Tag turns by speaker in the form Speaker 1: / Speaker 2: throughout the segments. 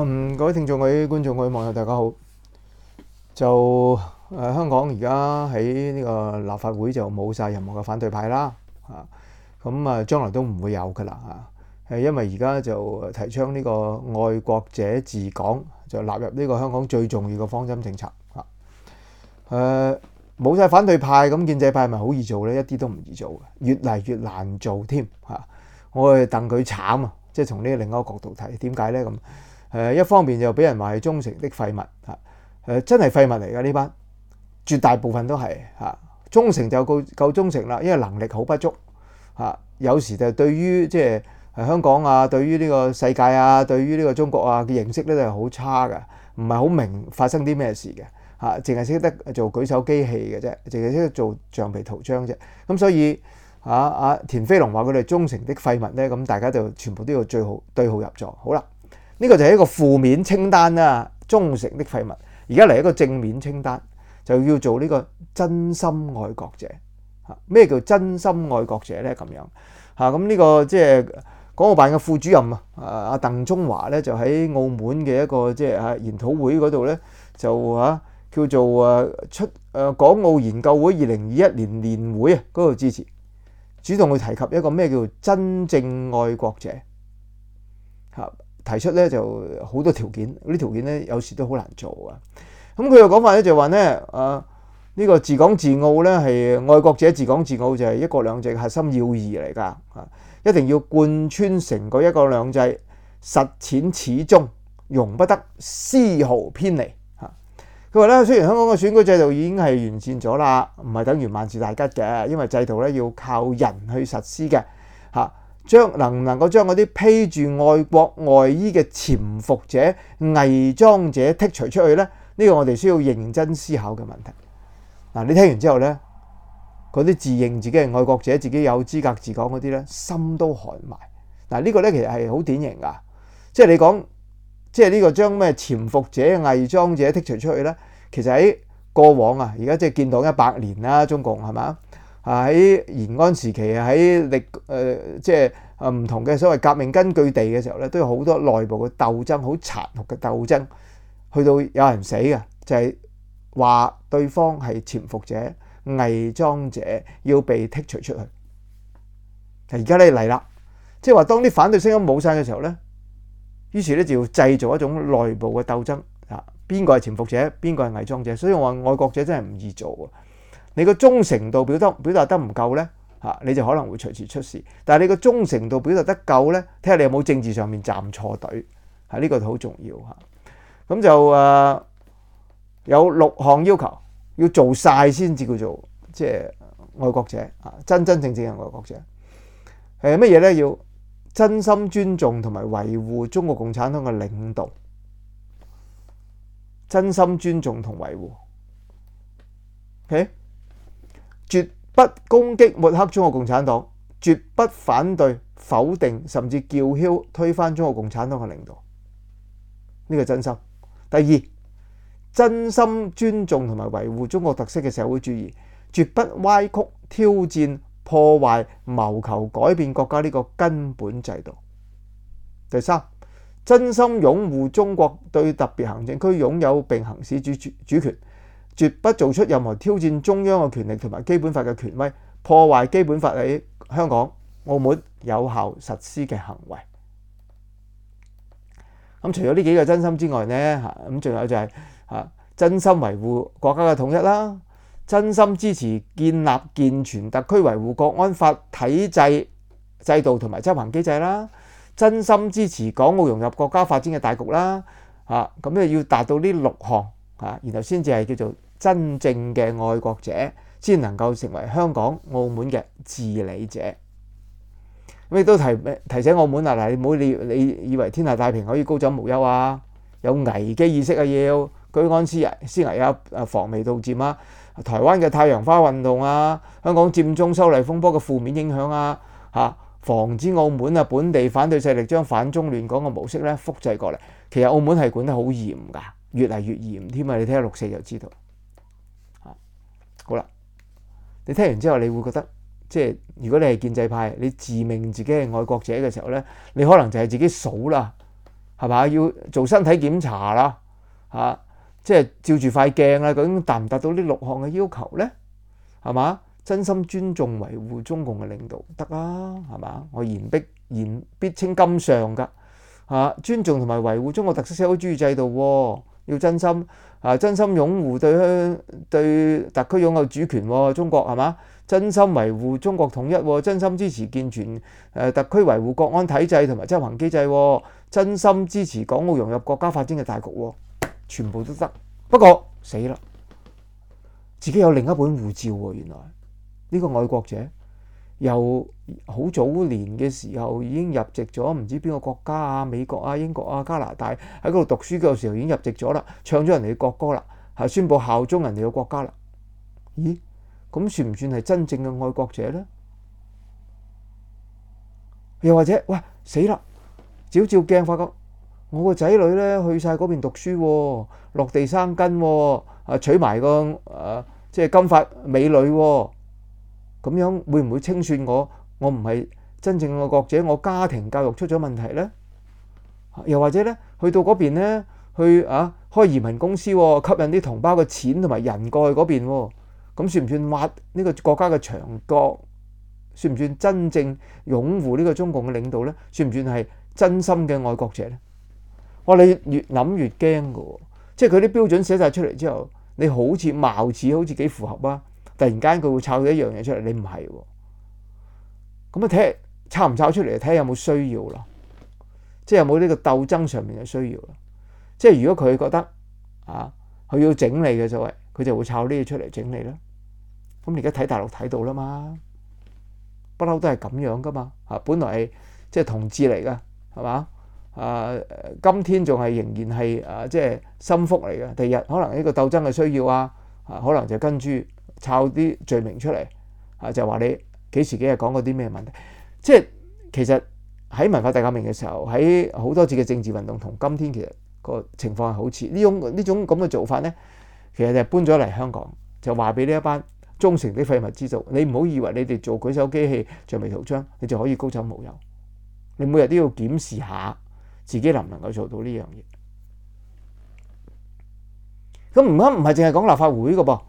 Speaker 1: 嗯、各位聽眾、各位觀眾、各位網友，大家好。就誒、呃、香港而家喺呢個立法會就冇晒任何嘅反對派啦，嚇、啊、咁啊，將來都唔會有噶啦嚇。係、啊、因為而家就提倡呢個愛國者治港，就納入呢個香港最重要嘅方針政策嚇。誒冇晒反對派，咁建制派係咪好易做呢？一啲都唔易做嘅，越嚟越難做添嚇、啊。我哋戥佢慘啊！即、就、係、是、從呢個另一個角度睇，點解呢？咁？一方面又俾人話係忠誠的廢物、啊、真係廢物嚟噶呢班，絕大部分都係嚇、啊、忠誠就夠夠忠誠啦，因為能力好不足、啊、有時就對於即係、啊、香港啊，對於呢個世界啊，對於呢個中國啊嘅認識咧都係好差㗎，唔係好明發生啲咩事嘅嚇，淨係識得做舉手機器嘅啫，淨係識得做橡皮圖章啫，咁所以啊啊田飛龍話佢哋忠誠的廢物咧，咁大家就全部都要最好對號入座，好啦。呢個就係一個負面清單啦，忠誠的廢物。而家嚟一個正面清單，就叫做呢個真心愛國者。嚇咩叫真心愛國者呢？咁樣嚇咁呢個即係港澳辦嘅副主任啊，阿鄧中華呢，就喺澳門嘅一個即係啊研討會嗰度呢，就嚇叫做啊出誒港澳研究會二零二一年年會啊嗰度支持，主動去提及一個咩叫真正愛國者。提出咧就好多條件，呢啲條件咧有時都好難做㗎啊！咁佢嘅講法咧就話咧啊，呢個治港治澳呢係愛國者治港治澳，就係一國兩制嘅核心要義嚟㗎啊！一定要貫穿成個一國兩制實踐始終，容不得絲毫偏離嚇。佢、啊、話呢，雖然香港嘅選舉制度已經係完善咗啦，唔係等於萬事大吉嘅，因為制度呢要靠人去實施嘅嚇。啊將能唔能夠將嗰啲披住愛國外衣嘅潛伏者、偽裝者剔除出去呢？呢、呢個我哋需要認真思考嘅問題。嗱、啊，你聽完之後呢，嗰啲自認自己係愛國者、自己有資格自講嗰啲呢，心都寒埋。嗱、啊，呢、呢個呢其實係好典型㗎，即係你講，即係呢個將咩潛伏者、偽裝者剔除出去呢？其實喺過往啊，而家即係見到一百年啦、啊，中共係咪？啊！喺延安時期啊，喺歷誒即係唔同嘅所謂革命根據地嘅時候咧，都有好多內部嘅鬥爭，好殘酷嘅鬥爭，去到有人死嘅，就係話對方係潛伏者、偽裝者，要被剔除出去。就而家咧嚟啦，即係話當啲反對聲音冇晒嘅時候咧，於是咧就要製造一種內部嘅鬥爭啊，邊個係潛伏者，邊個係偽裝者，所以我話愛國者真係唔易做啊！你個忠誠度表得表達得唔夠呢，嚇，你就可能會隨時出事。但係你個忠誠度表達得夠呢，睇下你有冇政治上面站錯隊？喺、這、呢個好重要嚇。咁就誒、啊、有六項要求要做晒先至叫做即係愛國者啊，真真正正嘅愛國者。誒乜嘢呢？要真心尊重同埋維護中國共產黨嘅領導，真心尊重同維護。OK。絕不攻擊抹黑中國共產黨，絕不反對、否定甚至叫囂推翻中國共產黨嘅領導，呢個真心。第二，真心尊重同埋維護中國特色嘅社會主義，絕不歪曲、挑戰、破壞、謀求改變國家呢個根本制度。第三，真心擁護中國對特別行政區擁有並行使主主權。絕不做出任何挑戰中央嘅權力同埋基本法嘅權威，破壞基本法喺香港、澳門有效實施嘅行為。咁除咗呢幾個真心之外呢，嚇咁仲有就係嚇真心維護國家嘅統一啦，真心支持建立健全特區維護國安法體制制度同埋執行機制啦，真心支持港澳融入國家發展嘅大局啦。嚇咁咧要達到呢六項嚇，然後先至係叫做。真正嘅愛國者先能夠成為香港、澳門嘅治理者。咁都提提醒澳門啊，嗱，你唔好你你以為天下太平可以高枕無憂啊？有危機意識啊，要居安思危，思危啊，防微杜漸啊。台灣嘅太陽花運動啊，香港佔中修例風波嘅負面影響啊，嚇、啊、防止澳門啊本地反對勢力將反中亂港嘅模式咧複製過嚟。其實澳門係管得好嚴㗎，越嚟越嚴添啊！你睇下六四就知道。好啦，你聽完之後，你會覺得，即係如果你係建制派，你自命自己係愛國者嘅時候咧，你可能就係自己數啦，係嘛？要做身體檢查啦，吓、啊，即係照住塊鏡啊，究竟達唔達到呢六項嘅要求咧？係嘛？真心尊重維護中共嘅領導得啦，係嘛、啊？我言必言必稱金上噶，吓、啊，尊重同埋維護中國特色社會主義制度、啊。要真心啊，真心擁護對香對特區擁有主權中國，係嘛？真心維護中國統一，真心支持健全誒特區維護國安體制同埋執行機制，真心支持港澳融入國家發展嘅大局，全部都得。不過死啦，自己有另一本護照喎，原來呢、這個愛國者。又好早年嘅時候已經入籍咗，唔知邊個國家啊？美國啊、英國啊、加拿大喺嗰度讀書嘅時候已經入籍咗啦，唱咗人哋嘅國歌啦，係宣布效忠人哋嘅國家啦。咦？咁算唔算係真正嘅愛國者呢？又或者，喂死啦！照照鏡發覺我個仔女呢去曬嗰邊讀書，落地生根，啊娶埋個誒即係金髮美女。咁樣會唔會清算我？我唔係真正嘅愛國者，我家庭教育出咗問題呢？又或者呢，去到嗰邊呢，去啊開移民公司、哦，吸引啲同胞嘅錢同埋人過去嗰邊，哦，咁算唔算挖呢個國家嘅牆角？算唔算真正擁護呢個中共嘅領導呢？算唔算係真心嘅愛國者呢？我話你越諗越驚喎，哦。即係佢啲標準寫晒出嚟之後，你好似貌似好似幾符合啊？突然間佢會炒到一樣嘢出嚟，你唔係喎，咁啊睇炒唔炒出嚟，睇下有冇需要咯，即係有冇呢個鬥爭上面嘅需要啊？即係如果佢覺得啊，佢要整理嘅就係，佢就會炒呢嘢出嚟整理啦。咁而家睇大陸睇到啦嘛，不嬲都係咁樣噶嘛，嚇、啊，本來係即係同志嚟嘅，係嘛？啊，今天仲係仍然係啊，即係心腹嚟嘅，第二日可能呢個鬥爭嘅需要啊，啊，可能就跟住。抄啲罪名出嚟，啊就話你幾時幾日講過啲咩問題？即係其實喺文化大革命嘅時候，喺好多次嘅政治運動同今天其實個情況係好似呢種呢種咁嘅做法咧，其實就搬咗嚟香港，就話俾呢一班忠誠的廢物知道，你唔好以為你哋做舉手機器、橡皮圖章，你就可以高枕無憂。你每日都要檢視下自己能唔能夠做到呢樣嘢。咁唔啱，唔係淨係講立法會噶噃。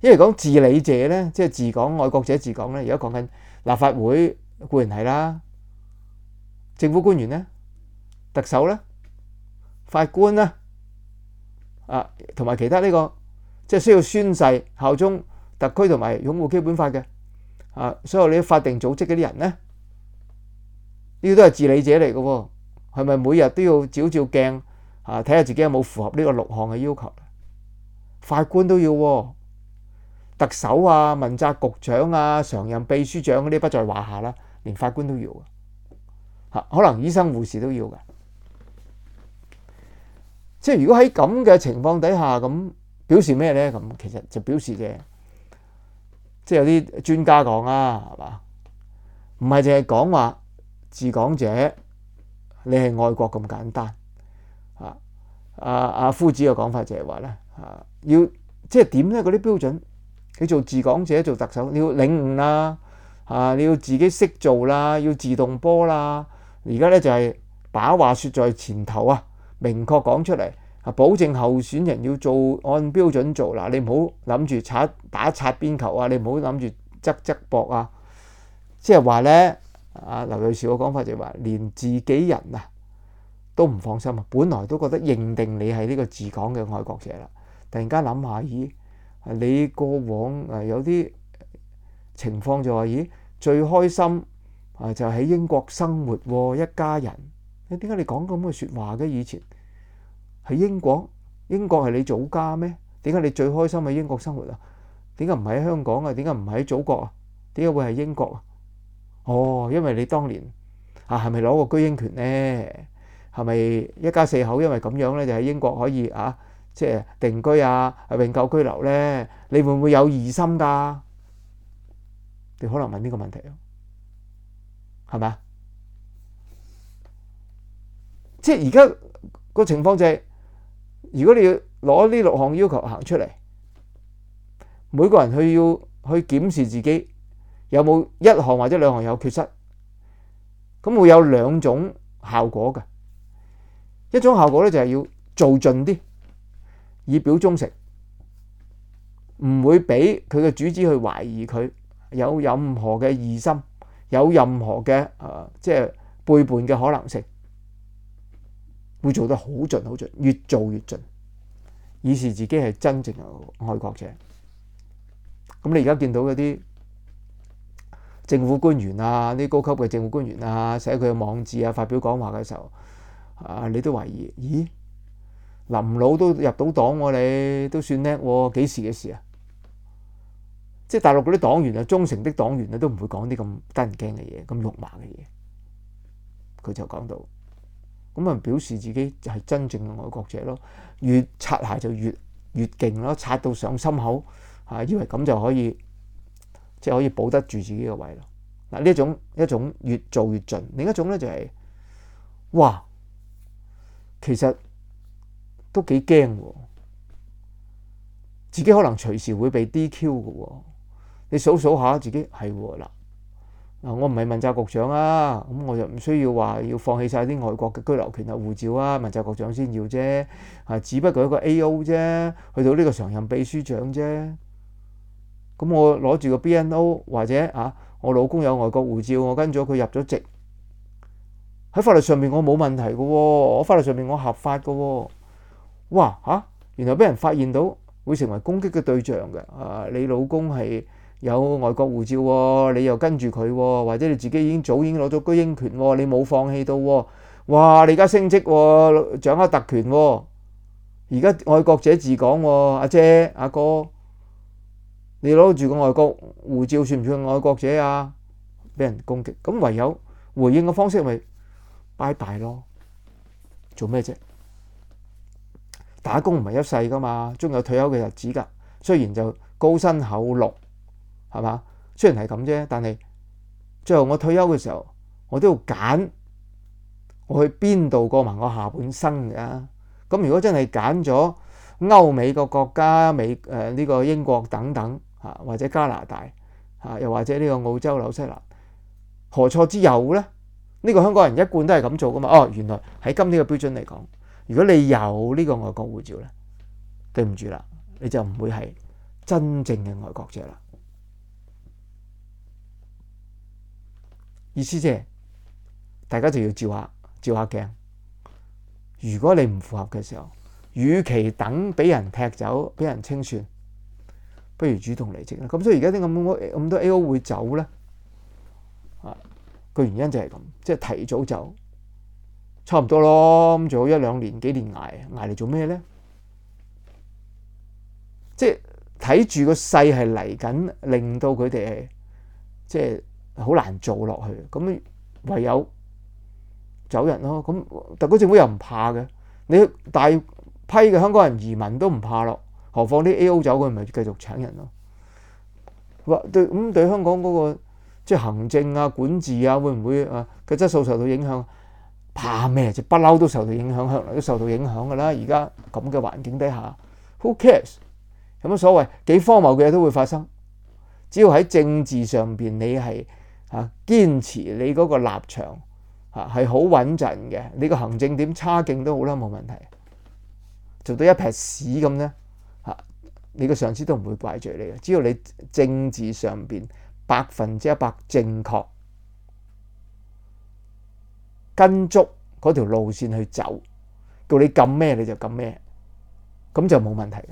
Speaker 1: 因為講治理者咧，即係治港愛國者治港咧。而家講緊立法會固然係啦，政府官員咧、特首咧、法官呢，啊，同埋其他呢、這個即係需要宣誓效忠特區同埋擁護基本法嘅啊。所有你法定組織嗰啲人咧，呢個都係治理者嚟嘅喎。係咪每日都要照照鏡啊，睇下自己有冇符合呢個六項嘅要求？法官都要。特首啊，問責局長啊，常任秘書長嗰啲不在話下啦，連法官都要啊，吓，可能醫生護士都要噶，即係如果喺咁嘅情況底下咁表示咩咧？咁其實就表示嘅，即係有啲專家講啊，係嘛，唔係淨係講話治港者你係愛國咁簡單啊？阿、啊、阿夫子嘅講法就係話咧，啊要即係點咧嗰啲標準？你做治港者做特首，你要領悟啦嚇、啊，你要自己識做啦，要自動波啦。而家咧就係、是、把話説在前頭啊，明確講出嚟啊，保證候選人要做按標準做嗱、啊，你唔好諗住擦打擦邊球啊，你唔好諗住側側膊啊。即係話咧，啊劉瑞士嘅講法就係話，連自己人啊都唔放心啊，本來都覺得認定你係呢個治港嘅愛國者啦，突然間諗下，咦？你過往誒有啲情況就話，咦最開心啊就喺英國生活喎，一家人。你點解你講咁嘅説話嘅？以前喺英國，英國係你祖家咩？點解你最開心喺英國生活啊？點解唔喺香港啊？點解唔喺祖國啊？點解會喺英國啊？哦，因為你當年啊係咪攞過居英權咧？係咪一家四口因為咁樣咧就喺英國可以啊？即係定居啊，永久居留咧，你會唔會有疑心噶？你可能問呢個問題咯，係咪啊？即係而家個情況就係，如果你要攞呢六項要求行出嚟，每個人去要去檢視自己有冇一項或者兩項有缺失，咁會有兩種效果㗎。一種效果咧就係要做盡啲。以表忠誠，唔會俾佢嘅主子去懷疑佢有任何嘅疑心，有任何嘅誒、呃，即係背叛嘅可能性，會做得好盡好盡，越做越盡，以示自己係真正嘅愛國者。咁你而家見到嗰啲政府官員啊，啲高級嘅政府官員啊，寫佢嘅網誌啊，發表講話嘅時候，啊，你都懷疑，咦？林老都入到黨喎、啊、你都算叻喎、啊，幾時嘅事啊？即係大陸嗰啲黨員啊，忠誠的黨員咧，都唔會講啲咁得人驚嘅嘢，咁肉麻嘅嘢。佢就講到，咁啊表示自己係真正嘅愛國者咯。越擦鞋就越越勁咯，擦到上心口、啊，以為咁就可以，即、就、係、是、可以保得住自己嘅位咯。嗱呢一種一種越做越盡，另一種咧就係、是，哇，其實。都幾驚喎！自己可能隨時會被 DQ 嘅喎，你數數下自己係喎，嗱，我唔係問責局長啊，咁我就唔需要話要放棄晒啲外國嘅居留權啊、護照啊，問責局長先要啫。啊，只不過一個 A.O. 啫，去到呢個常任秘書長啫。咁我攞住個 B.N.O. 或者啊，我老公有外國護照，我跟咗佢入咗籍，喺法律上面我冇問題嘅喎，我法律上面我合法嘅喎。哇嚇！原來俾人發現到會成為攻擊嘅對象嘅，啊你老公係有外國護照喎、哦，你又跟住佢喎，或者你自己已經早已經攞咗居英權喎、哦，你冇放棄到喎、哦，哇你而家升職喎、哦，掌握特權喎、哦，而家愛國者治港喎，阿、啊、姐阿、啊、哥，你攞住個外國護照算唔算愛國者啊？俾人攻擊，咁唯有回應嘅方式咪拜拜咯。做咩啫？打工唔係一世噶嘛，仲有退休嘅日子㗎。雖然就高薪厚祿，係嘛？雖然係咁啫，但係最後我退休嘅時候，我都要揀我去邊度過埋我下半生㗎。咁如果真係揀咗歐美個國家、美誒呢、呃呢個英國等等嚇，或者加拿大嚇，又或者呢個澳洲、紐西蘭，何錯之有咧？呢、呢個香港人一貫都係咁做噶嘛。哦，原來喺今日嘅標準嚟講。如果你有呢個外國護照咧，對唔住啦，你就唔會係真正嘅愛國者啦。意思即係大家就要照一下，照一下鏡。如果你唔符合嘅時候，與其等俾人踢走、俾人清算，不如主動離職啦。咁所以而家啲咁多，咁多 A O 會走咧，啊個原因就係咁，即係提早走。差唔多咯，咁仲有一兩年幾年捱捱嚟做咩咧？即係睇住個勢係嚟緊，令到佢哋即係好難做落去。咁唯有走人咯。咁特區政府又唔怕嘅，你大批嘅香港人移民都唔怕咯，何況啲 A.O. 走，佢咪繼續請人咯？話對咁對香港嗰個即係行政啊、管治啊，會唔會啊嘅質素受到影響？怕咩？就不嬲都受到影響啦，向來都受到影響㗎啦。而家咁嘅環境底下，Who cares？有乜所謂？幾荒謬嘅嘢都會發生。只要喺政治上邊，你係啊堅持你嗰個立場啊，係好穩陣嘅。你個行政點差勁都好啦，冇問題。做到一劈屎咁咧，嚇你個上司都唔會怪罪你嘅。只要你政治上邊百分之一百正確。跟足嗰條路線去走，叫你撳咩你就撳咩，咁就冇問題嘅。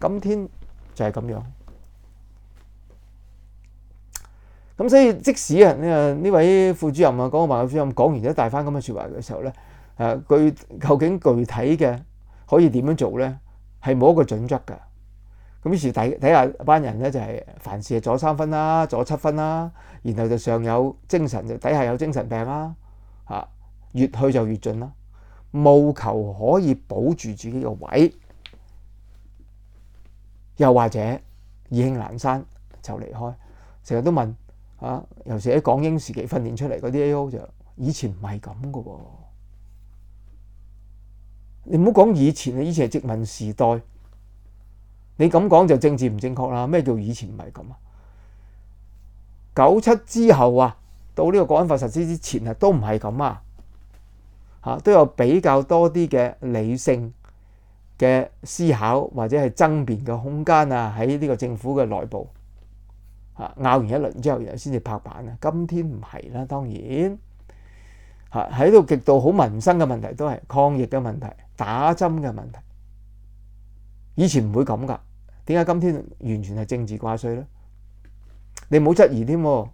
Speaker 1: 今天就係咁樣，咁所以即使啊呢啊呢位副主任啊，講個民主主任講完一大番咁嘅說話嘅時候咧，誒，佢究竟具體嘅可以點樣做咧，係冇一個準則㗎。咁於是睇睇下班人咧就係凡事係左三分啦，左七分啦，然後就上有精神，就底下有精神病啦。越去就越盡啦，務求可以保住自己個位，又或者意興闌珊就離開，成日都問啊，尤其喺港英時期訓練出嚟嗰啲 A.O. 就以前唔係咁噶喎，你唔好講以前啊，以前係、啊、殖民時代，你咁講就政治唔正確啦。咩叫以前唔係咁啊？九七之後啊，到呢個《國安法》實施之前啊，都唔係咁啊。嚇都有比較多啲嘅理性嘅思考，或者係爭辯嘅空間啊。喺呢個政府嘅內部嚇拗完一輪之後，又先至拍板啊。今天唔係啦，當然嚇喺度極度好民生嘅問題都是，都係抗疫嘅問題、打針嘅問題。以前唔會咁噶，點解今天完全係政治掛帥咧？你冇質疑添、啊，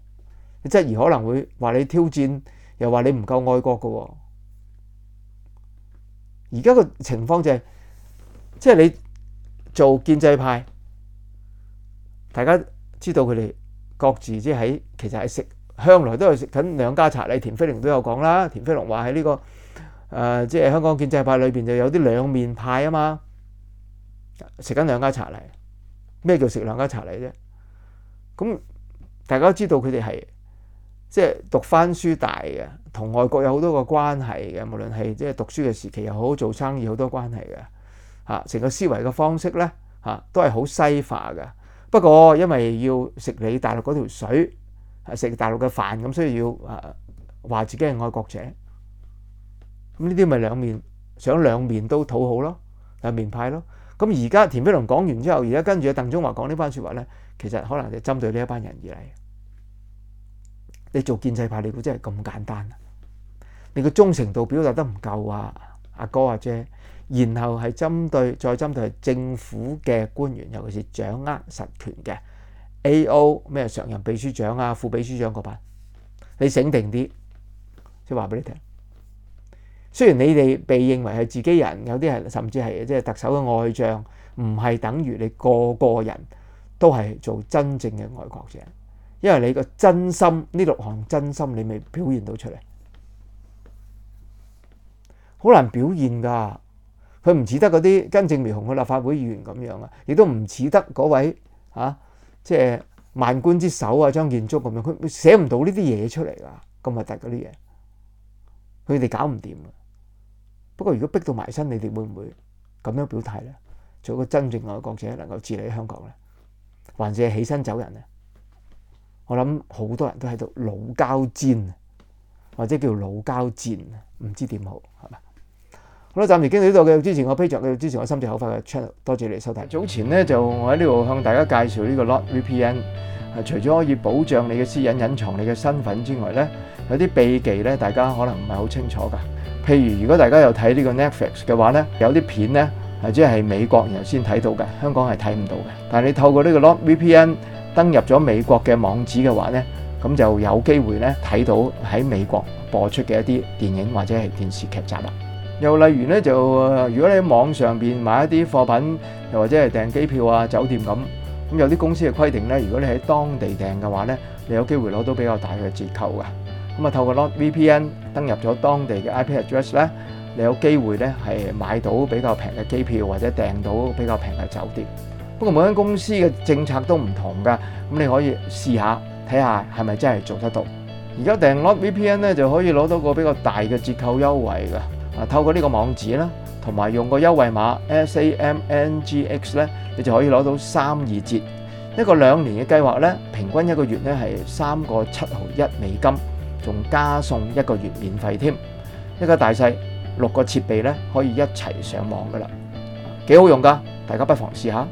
Speaker 1: 你質疑可能會話你挑戰，又話你唔夠愛國噶喎、啊。而家個情況就係、是，即係你做建制派，大家知道佢哋各自即、就、係、是，其實係食向來都係食緊兩家茶禮。田飛龍都有講啦，田飛龍話喺呢個誒，即、呃、係、就是、香港建制派裏邊就有啲兩面派啊嘛，食緊兩家茶禮。咩叫食兩家茶禮啫？咁大家都知道佢哋係。即係讀翻書大嘅，同外國有好多個關係嘅，無論係即係讀書嘅時期又好，做生意好多關係嘅，嚇成個思維嘅方式咧，嚇都係好西化嘅。不過因為要食你大陸嗰條水，食大陸嘅飯，咁所以要啊話自己係愛國者。咁呢啲咪兩面想兩面都討好咯，兩面派咯。咁而家田飛龍講完之後，而家跟住啊鄧中華講呢番說呢班説話咧，其實可能就針對呢一班人而嚟。你做建制派，你估真係咁簡單？你個忠誠度表達得唔夠啊？阿哥阿姐，然後係針對再針對政府嘅官員，尤其是掌握實權嘅 AO 咩常任秘書長啊、副秘書長嗰班，你醒定啲，先話俾你聽。雖然你哋被認為係自己人，有啲係甚至係即係特首嘅外將，唔係等於你個個人都係做真正嘅愛國者。因為你個真心呢六項真心，你未表現到出嚟，好難表現噶。佢唔似得嗰啲根正苗紅嘅立法會議員咁樣啊，亦都唔似得嗰位啊，即係萬官之首啊張建宗咁樣，佢寫唔到呢啲嘢出嚟噶，咁核突嗰啲嘢，佢哋搞唔掂噶。不過如果逼到埋身，你哋會唔會咁樣表態咧？做個真正愛國者，能夠治理香港咧，還是起身走人咧？我諗好多人都喺度老交戰或者叫老交戰唔知點好，係嘛？好啦，暫時經到呢度嘅。之前我 Patreon 嘅，之前我心直口快嘅 channel，多謝你收睇。早前呢，就我喺呢度向大家介紹呢個 Lot VPN，係、啊、除咗可以保障你嘅私隱、隱藏你嘅身份之外呢，有啲秘技呢，大家可能唔係好清楚㗎。譬如如果大家有睇呢個 Netflix 嘅話呢，有啲片呢，係即係美國人先睇到嘅，香港係睇唔到嘅。但係你透過呢個 Lot VPN 登入咗美國嘅網址嘅話呢，咁就有機會呢睇到喺美國播出嘅一啲電影或者係電視劇集啦。又例如呢，就如果你喺網上邊買一啲貨品，又或者係訂機票啊、酒店咁，咁有啲公司嘅規定呢，如果你喺當地訂嘅話呢，你有機會攞到比較大嘅折扣嘅。咁啊，透過攞 VPN 登入咗當地嘅 IP address 呢，你有機會呢係買到比較平嘅機票或者訂到比較平嘅酒店。不過每間公司嘅政策都唔同㗎，咁你可以試下睇下係咪真係做得到。而家訂落 V P N 咧就可以攞到個比較大嘅折扣優惠㗎。啊，透過呢個網址啦，同埋用個優惠碼 S A M N G X 咧，你就，就可以攞到三二折。一個兩年嘅計劃咧，平均一個月咧係三個七毫一美金，仲加送一個月免費添。一家大細六個設備咧可以一齊上網㗎啦，幾好用㗎！大家不妨試下。